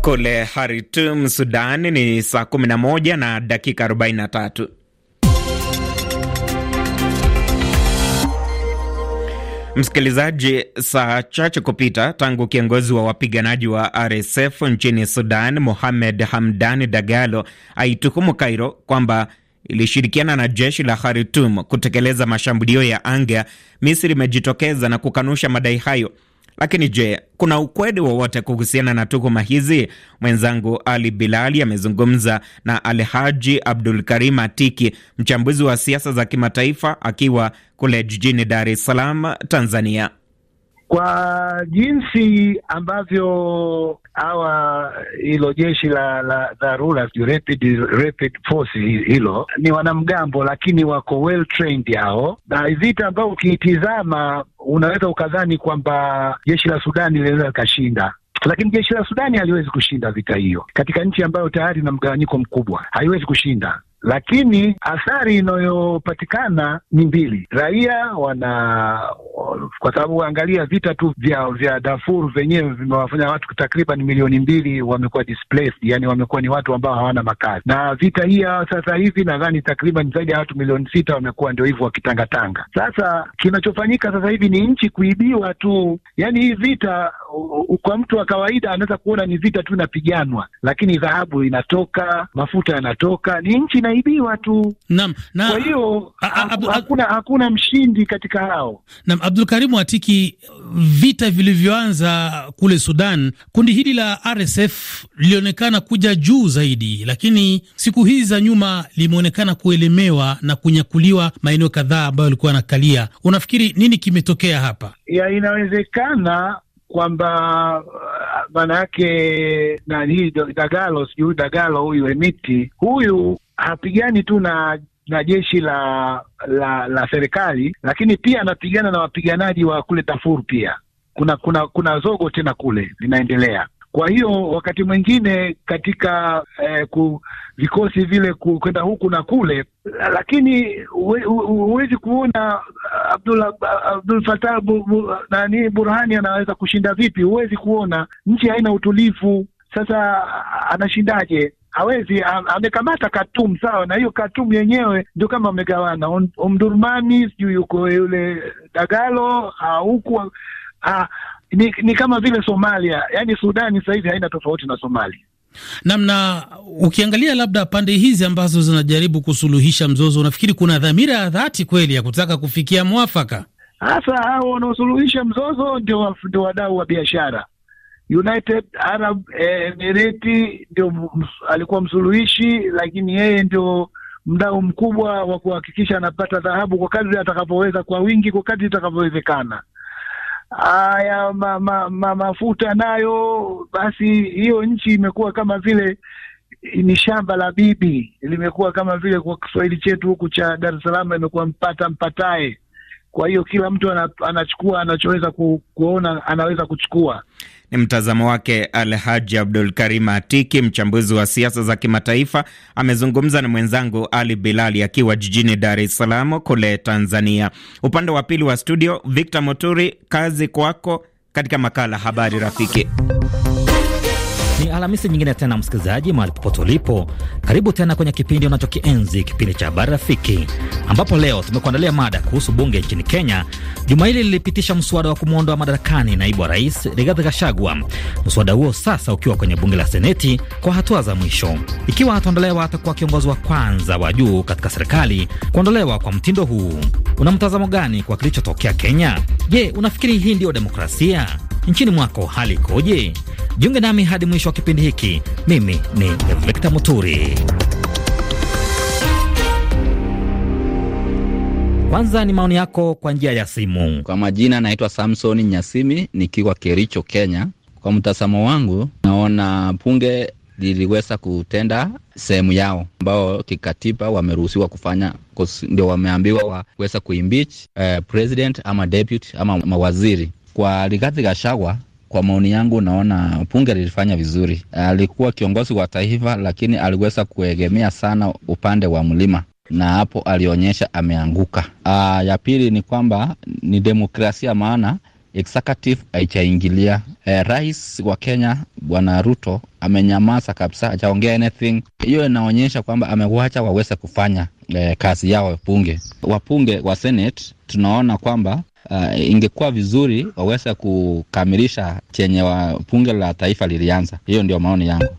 Kule Haritum, Sudan ni saa 11 na dakika 43. Msikilizaji, saa chache kupita tangu kiongozi wa wapiganaji wa RSF nchini Sudan, Mohamed Hamdan Dagalo, aituhumu Kairo kwamba ilishirikiana na jeshi la haritum kutekeleza mashambulio ya anga, Misri imejitokeza na kukanusha madai hayo. Lakini je, kuna ukweli wowote kuhusiana na tuhuma hizi? Mwenzangu Ali Bilali amezungumza na Alhaji Abdul Karim Atiki, mchambuzi wa siasa za kimataifa akiwa kule jijini Dar es Salaam, Tanzania kwa jinsi ambavyo hawa hilo jeshi la la dharura rapid rapid force hilo ni wanamgambo, lakini wako well trained hao, na vita ambayo ukiitizama unaweza ukadhani kwamba jeshi la Sudani linaweza likashinda lakini jeshi la Sudani haliwezi kushinda vita hiyo katika nchi ambayo tayari ina mgawanyiko mkubwa, haiwezi kushinda lakini athari inayopatikana ni mbili. Raia wana kwa sababu angalia vita tu vya vya Darfur vyenyewe vimewafanya watu takriban milioni mbili wamekuwa displaced, yani wamekuwa ni watu ambao hawana makazi, na vita hii sasa hivi nadhani takriban zaidi ya watu milioni sita wamekuwa ndio hivyo wakitangatanga. Sasa kinachofanyika sasa hivi ni nchi kuibiwa tu, yani hii vita kwa mtu wa kawaida anaweza kuona ni vita tu inapiganwa, lakini dhahabu inatoka, mafuta yanatoka, ni nchi na wanaibiwa tu. Naam, na kwa hiyo hakuna hakuna mshindi katika hao. Naam, Abdul Karimu Atiki, vita vilivyoanza kule Sudan, kundi hili la RSF lilionekana kuja juu zaidi, lakini siku hizi za nyuma limeonekana kuelemewa na kunyakuliwa maeneo kadhaa ambayo alikuwa anakalia. Unafikiri nini kimetokea hapa? Ya, inawezekana kwamba maana yake nani, Dagalo sijui Dagalo huyu Emiti huyu hapigani tu na na jeshi la la la serikali, lakini pia anapigana na wapiganaji wa kule Tafur. Pia kuna kuna kuna zogo tena kule linaendelea. Kwa hiyo wakati mwingine katika eh, ku, vikosi vile kwenda huku na kule, lakini huwezi kuona Abdul, Abdul Fatah bu, bu, nani Burhani anaweza kushinda vipi? Huwezi kuona nchi haina utulivu. Sasa anashindaje? hawezi amekamata Katum sawa na hiyo katum yenyewe ndio kama amegawana Omdurmani, sijui yuko yule Dagalo huku ni, ni kama vile Somalia, yaani Sudani sasa hivi haina tofauti na Somalia namna ukiangalia labda pande hizi ambazo zinajaribu kusuluhisha mzozo, unafikiri kuna dhamira ya dhati kweli ya kutaka kufikia mwafaka? Hasa hao wanaosuluhisha mzozo ndio wadau wa biashara, United Arab Emirati ndio alikuwa msuluhishi, lakini yeye ndio mdau mkubwa wa kuhakikisha anapata dhahabu kwa kadri atakavyoweza, kwa wingi, kwa kadri itakavyowezekana. Haya ma, ma, ma, mafuta nayo, basi hiyo nchi imekuwa kama vile ni shamba la bibi, limekuwa kama vile kwa Kiswahili chetu huku cha Dar es Salaam imekuwa mpata mpatae. Kwa hiyo kila mtu anachukua anachoweza ku, kuona anaweza kuchukua ni mtazamo wake Alhaji Abdul Karim Atiki, mchambuzi wa siasa za kimataifa. Amezungumza na mwenzangu Ali Bilali akiwa jijini Dar es Salaam kule Tanzania. Upande wa pili wa studio, Victor Moturi, kazi kwako katika makala Habari Rafiki. Ni Alhamisi nyingine tena, msikilizaji, mahali popote ulipo, karibu tena kwenye kipindi unachokienzi, kipindi cha Habari Rafiki, ambapo leo tumekuandalia mada kuhusu bunge nchini Kenya. Juma hili lilipitisha mswada wa kumwondoa madarakani naibu wa rais Rigathi Gachagua, mswada huo sasa ukiwa kwenye bunge la Seneti kwa hatua za mwisho. Ikiwa ataondolewa, atakuwa kiongozi wa kwanza wa juu katika serikali kuondolewa kwa mtindo huu. Una mtazamo gani kwa kilichotokea Kenya? Je, unafikiri hii ndiyo demokrasia? nchini mwako hali ikoje? Jiunge nami hadi mwisho wa kipindi hiki. Mimi ni Victor Muturi. Kwanza ni maoni yako kwa njia ya simu. Kwa majina, naitwa Samson Nyasimi nikiwa Kericho, Kenya. Kwa mtazamo wangu, naona bunge liliweza kutenda sehemu yao ambao kikatiba wameruhusiwa kufanya, ndio wameambiwa waweza kuimpeach eh, president ama deputy ama mawaziri kwa Rigathi Gachagua, kwa maoni yangu naona bunge lilifanya vizuri. Alikuwa kiongozi wa taifa, lakini aliweza kuegemea sana upande wa mlima na hapo alionyesha ameanguka. Aa, ah, ya pili ni kwamba ni demokrasia, maana executive haijaingilia. Eh, rais wa Kenya Bwana Ruto amenyamaza kabisa, hajaongea anything. Hiyo inaonyesha kwamba amewacha waweze kufanya eh, kazi yao bunge. Wapunge wa Senate tunaona kwamba Uh, ingekuwa vizuri waweze kukamilisha chenye wa bunge la taifa lilianza. Hiyo ndio maoni yangu.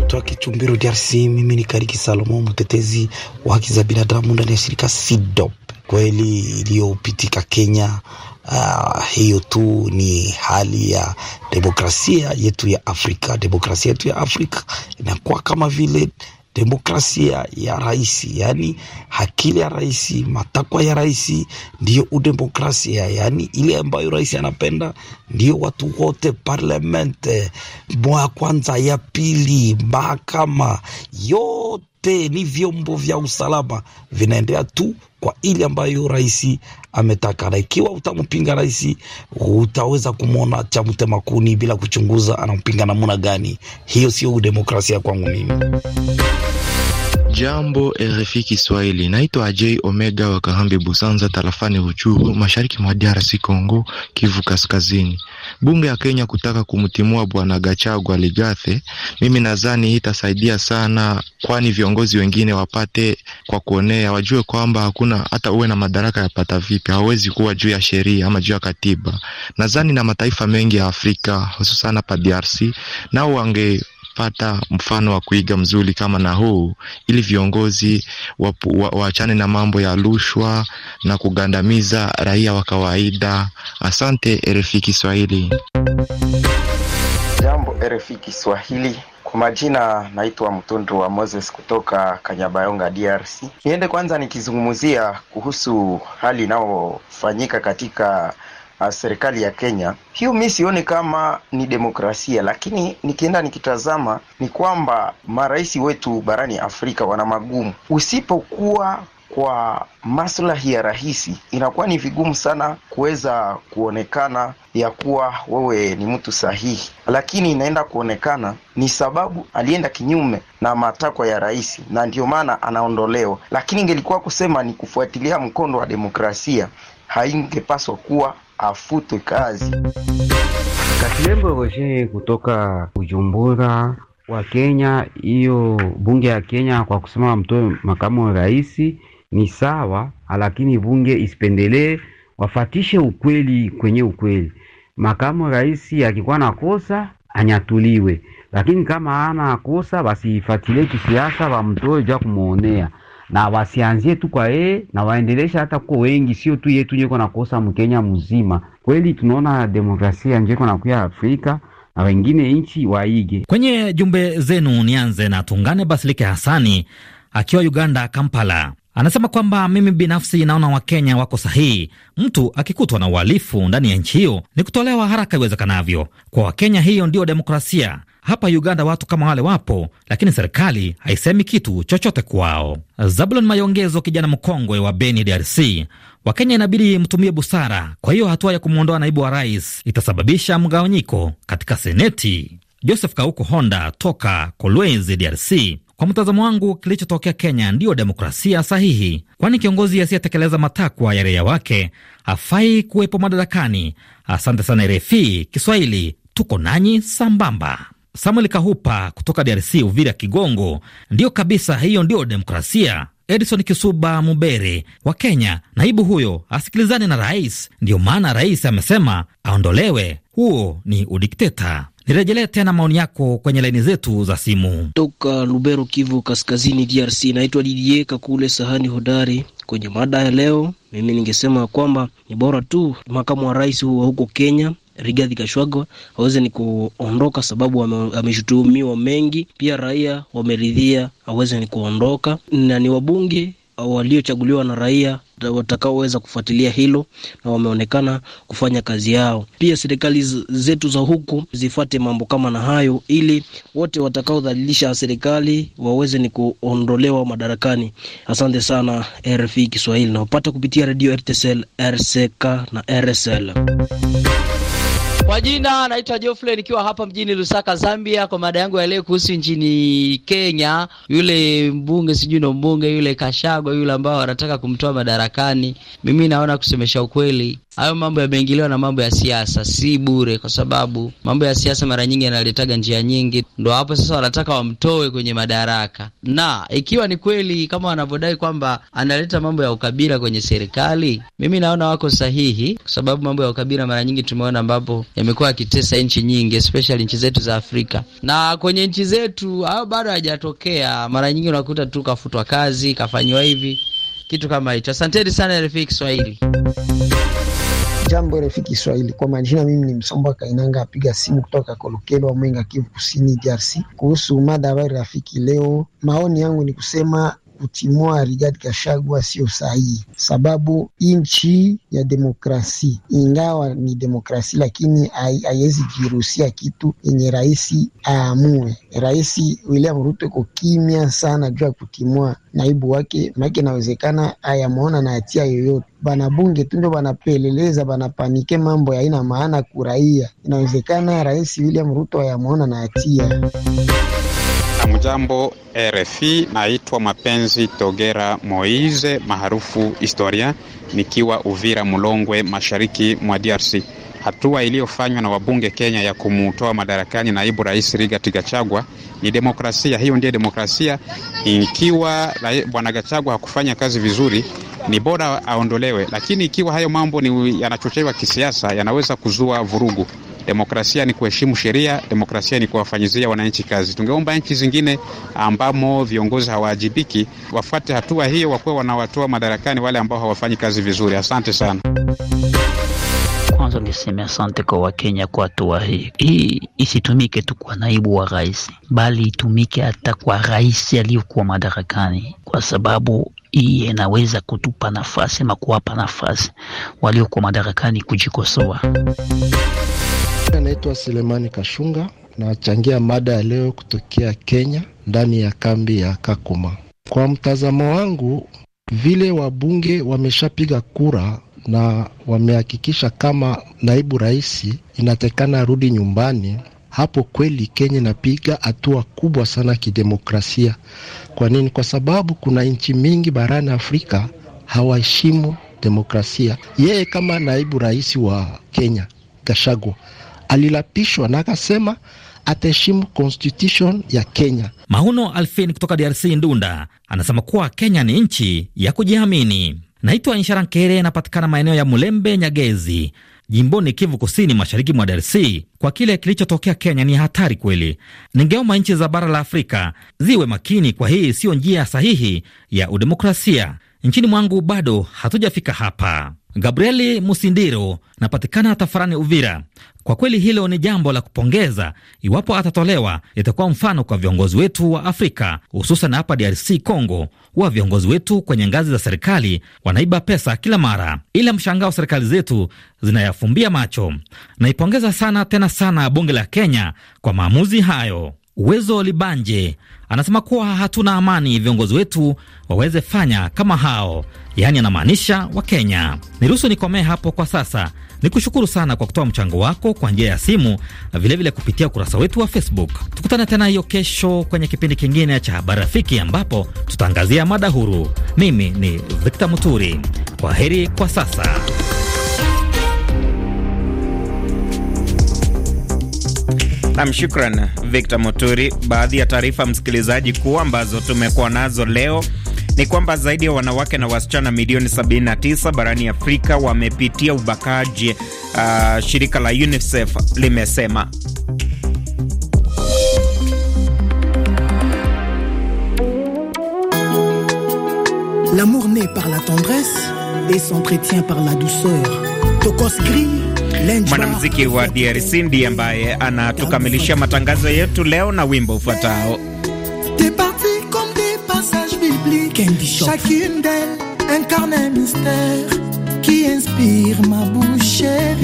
Kutoka Kichumbiro, DRC, mimi ni Kariki Salomo, mtetezi wa haki za binadamu ndani ya shirika SIDOP. Kweli iliyopitika Kenya, uh, hiyo tu ni hali ya demokrasia yetu ya Afrika. Demokrasia yetu ya Afrika inakuwa kama vile demokrasia ya rais, yani akili ya rais, matakwa ya rais ndiyo udemokrasia, yani ile ambayo rais anapenda ndiyo watu wote, parlamente mwa kwanza, ya pili, mahakama yote vyote ni vyombo vya usalama vinaendea tu kwa ile ambayo rais ametaka, na ikiwa utampinga rais, utaweza kumwona cha kuni bila kuchunguza anampinga namna gani. Hiyo sio demokrasia kwangu mimi. Jambo RFI Kiswahili, naitwa j Omega wa Kahambi Busanza, tarafani Uchuru, mashariki mwa DRC Congo, Kivu Kaskazini. Bunge ya Kenya kutaka kumtimua bwana Gachagua Ligathe, mimi nadhani hii itasaidia sana, kwani viongozi wengine wapate kwa kuonea, wajue kwamba hakuna hata uwe na madaraka yapata vipi, hawezi kuwa juu ya sheria ama juu ya katiba. Nadhani na mataifa mengi ya Afrika hususana pa DRC nao wange pata mfano wa kuiga mzuri kama na huu, ili viongozi waachane wa, na mambo ya rushwa na kugandamiza raia wa kawaida. Asante RFI Kiswahili. Jambo RFI Kiswahili. Kwa majina naitwa Mtundu wa Moses kutoka Kanyabayonga, DRC. Niende kwanza nikizungumzia kuhusu hali inayofanyika katika Uh, serikali ya Kenya, hiyo mi sioni kama ni demokrasia. Lakini nikienda nikitazama ni kwamba marais wetu barani Afrika wana magumu. Usipokuwa kwa maslahi ya rahisi, inakuwa ni vigumu sana kuweza kuonekana ya kuwa wewe ni mtu sahihi, lakini inaenda kuonekana ni sababu alienda kinyume na matakwa ya rais, na ndio maana anaondolewa. Lakini ingelikuwa kusema ni kufuatilia mkondo wa demokrasia, haingepaswa kuwa afutwe kazi. Katilembo Roger kutoka ujumbura wa Kenya. Hiyo bunge ya Kenya kwa kusema mtoe makamu wa rais ni sawa, lakini bunge isipendelee, wafatishe ukweli kwenye ukweli. Makamu wa rais akikuwa na kosa anyatuliwe, lakini kama ana kosa basi ifatilie kisiasa, wamtoe ja kumwonea na wasianzie tu kwa yeye na waendelesha hata kuko wengi, sio tu yetu na kosa Mkenya mzima. Kweli tunaona demokrasia njeko nakuya Afrika na wengine nchi waige. Kwenye jumbe zenu, nianze na Tungane Basilike Hasani akiwa Uganda, Kampala. Anasema kwamba mimi binafsi naona Wakenya wako sahihi. Mtu akikutwa na uhalifu ndani ya nchi hiyo ni kutolewa haraka iwezekanavyo. Kwa Wakenya hiyo ndiyo demokrasia. Hapa Uganda watu kama wale wapo, lakini serikali haisemi kitu chochote kwao. Zabulon Mayongezo, kijana mkongwe wa Beni, DRC: Wakenya inabidi mtumie busara, kwa hiyo hatua ya kumwondoa naibu wa rais itasababisha mgawanyiko katika Seneti. Joseph Kauko Honda toka Kolwezi, DRC: kwa mtazamo wangu, kilichotokea Kenya ndiyo demokrasia sahihi, kwani kiongozi asiyetekeleza matakwa ya raia wake hafai kuwepo madarakani. Asante sana RFI Kiswahili, tuko nanyi sambamba. Samuel Kahupa kutoka DRC, Uvira Kigongo. Ndiyo kabisa, hiyo ndiyo demokrasia. Edison Kisuba Mubere wa Kenya, naibu huyo asikilizane na rais, ndiyo maana rais amesema aondolewe. Huo ni udikteta. Nirejelea tena maoni yako kwenye laini zetu za simu. Toka Lubero, Kivu Kaskazini, DRC. Naitwa Didie Kakule Sahani Hodari. Kwenye mada ya leo, mimi ningesema kwamba ni bora tu makamu wa rais wa huko Kenya Rigathi Gachagua aweze ni kuondoka, sababu ameshutumiwa mengi. Pia raia wameridhia aweze ni kuondoka, na ni wabunge waliochaguliwa na raia watakaoweza kufuatilia hilo na wameonekana kufanya kazi yao. Pia serikali zetu za huku zifuate mambo kama na hayo, ili wote watakaodhalilisha serikali waweze ni kuondolewa madarakani. Asante sana RFI Kiswahili, na upata kupitia redio RTSL, RCK na RSL. Kwa jina naitwa Geoffrey nikiwa hapa mjini Lusaka, Zambia, kwa mada yangu ya leo kuhusu nchini Kenya, yule mbunge sijui ndo mbunge yule Kashagwa yule ambao wanataka kumtoa madarakani. Mimi naona kusemesha ukweli Hayo mambo yameingiliwa na mambo ya siasa, si bure, kwa sababu mambo ya siasa mara nyingi yanaletaga njia nyingi. Ndo hapo sasa wanataka wamtoe kwenye madaraka, na ikiwa ni kweli kama wanavyodai kwamba analeta mambo ya ukabila kwenye serikali, mimi naona wako sahihi, kwa sababu mambo ya ukabila mara nyingi tumeona ambapo yamekuwa yakitesa nchi nyingi, especially nchi zetu za Afrika. Na kwenye nchi zetu hayo bado hayajatokea. Mara nyingi unakuta tu kafutwa kazi, kafanyiwa hivi kitu kama hicho. Asanteni sana RFI Kiswahili. Jambo RFI Kiswahili, kwa majina mimi ni Msombo Kainanga, apiga simu kutoka Kolokelwa, Mwenga, Kivu Kusini, DRC, kuhusu mada habari rafiki leo. Maoni yangu ni kusema kutimua Rigathi kashagwa sio sahihi, sababu nchi ya demokrasi ingawa ni demokrasi, lakini haiwezi jiruhusia kitu yenye rais aamue. Rais William Ruto iko kimya sana juu ya kutimua naibu wake, make inawezekana ayamwona na hatia yoyote. Banabunge tu ndio banapeleleza, banapanike mambo yaina maana kuraia. Inawezekana rais William Ruto ayamwona na hatia Mjambo RFI, naitwa Mapenzi Togera Moise maarufu historia, nikiwa Uvira Mulongwe, mashariki mwa DRC. Hatua iliyofanywa na wabunge Kenya ya kumutoa madarakani naibu rais Rigathi Gachagua ni demokrasia. Hiyo ndiyo demokrasia. Ikiwa bwana Gachagua hakufanya kazi vizuri, ni bora aondolewe, lakini ikiwa hayo mambo ni yanachochewa kisiasa, yanaweza kuzua vurugu. Demokrasia ni kuheshimu sheria, demokrasia ni kuwafanyizia wananchi kazi. Tungeomba nchi zingine ambamo viongozi hawaajibiki wafuate hatua hiyo, wakuwa wanawatoa madarakani wale ambao hawafanyi kazi vizuri. Asante sana. Kwanza niseme asante kwa Wakenya kwa hatua hii. Hii isitumike tu kwa naibu wa rais, bali itumike hata kwa rais aliyokuwa madarakani, kwa sababu hii inaweza kutupa nafasi ama kuwapa nafasi waliokuwa madarakani kujikosoa anaitwa Selemani Kashunga, nachangia mada ya leo kutokea Kenya, ndani ya kambi ya Kakuma. Kwa mtazamo wangu, vile wabunge wameshapiga kura na wamehakikisha kama naibu rais inatekana arudi nyumbani, hapo kweli Kenya inapiga hatua kubwa sana kidemokrasia. Kwa nini? Kwa sababu kuna nchi mingi barani Afrika hawaheshimu demokrasia. Yeye kama naibu rais wa Kenya gashagwa alilapishwa na akasema ataheshimu constitution ya Kenya. mauno Alfin kutoka DRC Ndunda anasema kuwa Kenya ni nchi ya kujiamini. Naitwa Inshara Nkere, anapatikana maeneo ya Mulembe Nyagezi, jimboni Kivu Kusini, mashariki mwa DRC. Kwa kile kilichotokea Kenya ni hatari kweli. Ningeomba nchi za bara la Afrika ziwe makini, kwa hii siyo njia sahihi ya udemokrasia. Nchini mwangu bado hatujafika hapa. Gabrieli Musindiro napatikana tafarani Uvira. Kwa kweli hilo ni jambo la kupongeza. Iwapo atatolewa, itakuwa mfano kwa viongozi wetu wa Afrika, hususan hapa DRC Congo, huwa viongozi wetu kwenye ngazi za serikali wanaiba pesa kila mara, ila mshangao serikali zetu zinayafumbia macho. Naipongeza sana tena sana bunge la Kenya kwa maamuzi hayo. Uwezo Libanje anasema kuwa hatuna amani, viongozi wetu waweze fanya kama hao, yaani anamaanisha Wakenya. Niruhusu nikomee hapo kwa sasa, ni kushukuru sana kwa kutoa mchango wako kwa njia ya simu na vilevile kupitia ukurasa wetu wa Facebook. Tukutane tena hiyo kesho kwenye kipindi kingine cha Habari Rafiki, ambapo tutaangazia mada huru. Mimi ni Victor Muturi, kwa heri kwa sasa. Nam, shukran Victor Moturi. Baadhi ya taarifa msikilizaji kuu ambazo tumekuwa nazo leo ni kwamba zaidi ya wanawake na wasichana milioni 79 barani Afrika wamepitia ubakaji, uh, shirika la UNICEF limesema. L'amour ne par la tendresse et s'entretient par la douceur Tokos conscrit mwanamuziki wa DRC ndiye ambaye anatukamilishia matangazo yetu leo na wimbo ufuatao.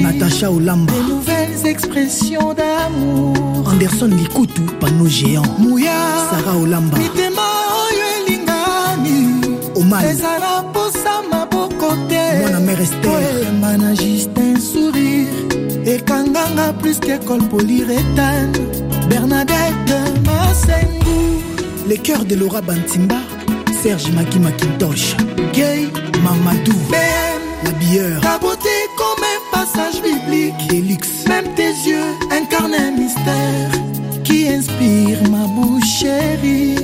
Natasha Olamba, Anderson Likutu, Pano Géant, Mouya, Sarah Olamba, Oman, Mwana Mère Esther ekanganga plus qu'école polyrétane bernadette masengu le cœur de laura bantimba serge maki makintosh gay mamadou bm la bieur ta beauté comme un passage biblique même tes yeux incarnent un mystère qui inspire ma bouche chérie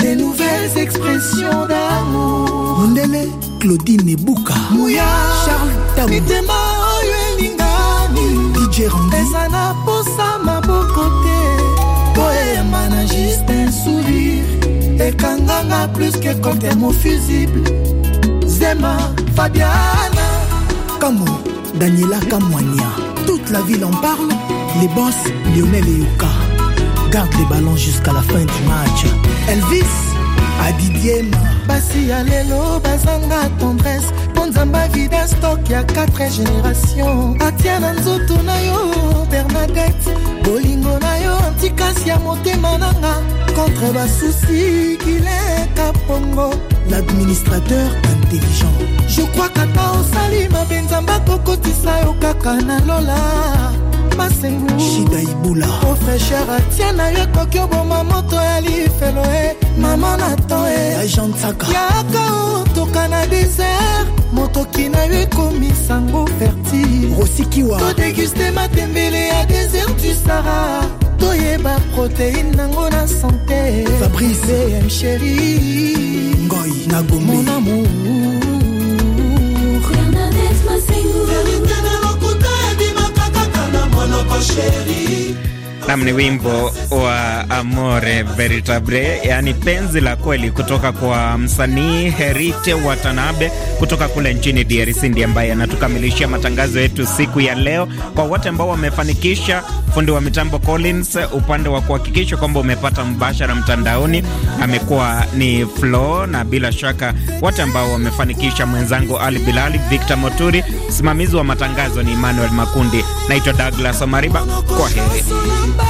des nouvelles expressions d'amour Mondele Claudine Bouka Mouya Charles ça na ça, ma beau côté, a juste un sourire et quand a plus que contre mon fusible zema fabiana kamo daniela kamwania toute la ville en parle les boss lionel et Yuka garde les ballons jusqu'à la fin du match elvis adidiema basi Alelo, bazanga tendresse nzamba vidastok ya 4 génération atia na nzoto yo bernadette bolingo na yo antikasi ya motema nanga contre basusi kileka pongo l'administrateur intelligent je crois kata osali mabe nzamba kokotisa yo kaka na lola masengu shida ibula o fraîcheur atia na yo ekoki oboma moto ya lifelo e mama na tan e ajantsaka yaka otoka oh, na désert motoki na yo ekomi sango fertile rosikiwa todeguste matembele ya désert du sara toyeba protéine nango na santé fabrice m chéri ngoi na gomonamour koko chéri Nam ni wimbo wa Amore Veritable, yaani penzi la kweli, kutoka kwa msanii Herite Watanabe kutoka kule nchini DRC, ndiye ambaye anatukamilishia matangazo yetu siku ya leo. Kwa wote ambao wamefanikisha, fundi wa mitambo Collins, upande wa kuhakikisha kwamba umepata mbashara mtandaoni amekuwa ni Flo, na bila shaka wote ambao wamefanikisha, mwenzangu Ali Bilali, Victor Moturi, msimamizi wa matangazo ni Emmanuel Makundi. Naitwa Douglas Omariba, kwa heri. rainbow